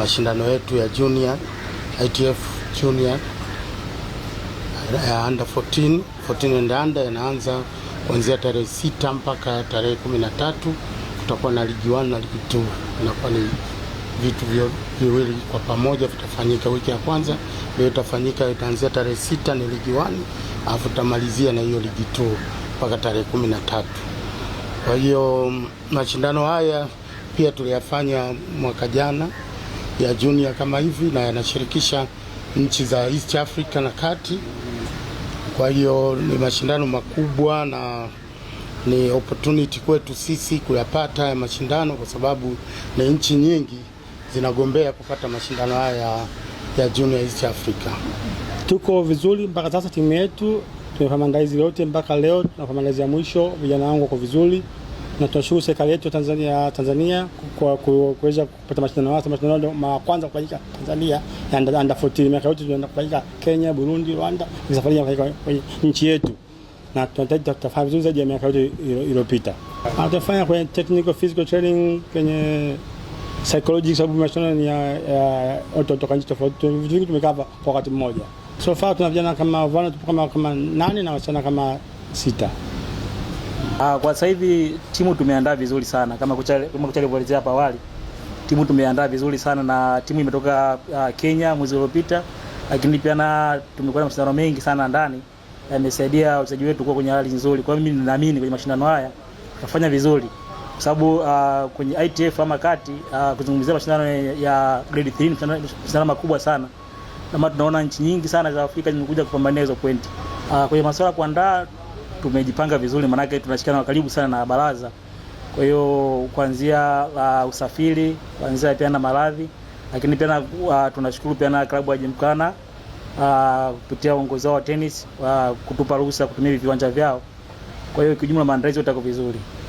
mashindano yetu ya junior ITF junior ya under 14, 14 and under yanaanza kuanzia tarehe sita mpaka tarehe kumi na tatu. Kutakuwa na ligi 1 na ligi 2, inakuwa ni vitu viwili kwa pamoja vitafanyika. Wiki ya kwanza ndio itafanyika, itaanzia tarehe sita ni ligi 1, alafu tutamalizia na hiyo ligi 2 mpaka tarehe kumi na tatu. Kwa hiyo mashindano haya pia tuliyafanya mwaka jana ya junior kama hivi na yanashirikisha nchi za East Africa na kati. Kwa hiyo ni mashindano makubwa na ni opportunity kwetu sisi kuyapata haya mashindano, kwa sababu ni nchi nyingi zinagombea kupata mashindano haya ya junior East Africa. Tuko vizuri mpaka sasa, timu yetu tumefanya maandalizi yote mpaka leo, tunafanya maandalizi ya mwisho. Vijana wangu wako vizuri na tunashukuru serikali yetu Tanzania Tanzania kwa kuweza kupata mashindano haya. Mashindano ya kwanza kufanyika Tanzania ya under 14 miaka yote tunaenda kufanyika Kenya, Burundi, Rwanda, safari ya kufanyika kwenye nchi yetu, na tunataka tutafanya vizuri zaidi ya miaka yote iliyopita. Tutafanya kwenye technical physical training kwenye psychology, sababu mashindano ni ya watu kutoka nchi tofauti, vitu vingi tumekava kwa wakati mmoja. So far tuna vijana kama wavulana kama kama nane na wasichana kama sita. Ah, Kwa sasa hivi timu tumeandaa vizuri sana kama kama kuchalivyoelezea hapa awali, timu tumeandaa vizuri sana na timu imetoka uh, Kenya mwezi uliopita, lakini pia na tumekuwa na mashindano mengi sana ndani, yamesaidia wachezaji wetu kuwa kwenye hali nzuri. Kwa hiyo mimi ninaamini kwenye mashindano haya tutafanya vizuri kwa sababu uh, kwenye ITF ama kati uh, kuzungumzia mashindano ya grade 3 ni mashindano makubwa sana Na tunaona nchi nyingi sana za Afrika zimekuja kupambania hizo pointi. Uh, kwenye masuala kuandaa tumejipanga vizuri, maanake tunashikana kwa karibu sana na baraza. Kwa hiyo kuanzia uh, usafiri, kuanzia pia na maradhi, lakini pia uh, tunashukuru pia na klabu ya kupitia uh, kupitia uongozi wao wa tenis uh, kutupa ruhusa kutumia viwanja vyao. Kwa hiyo kiujumla maandalizi yako vizuri.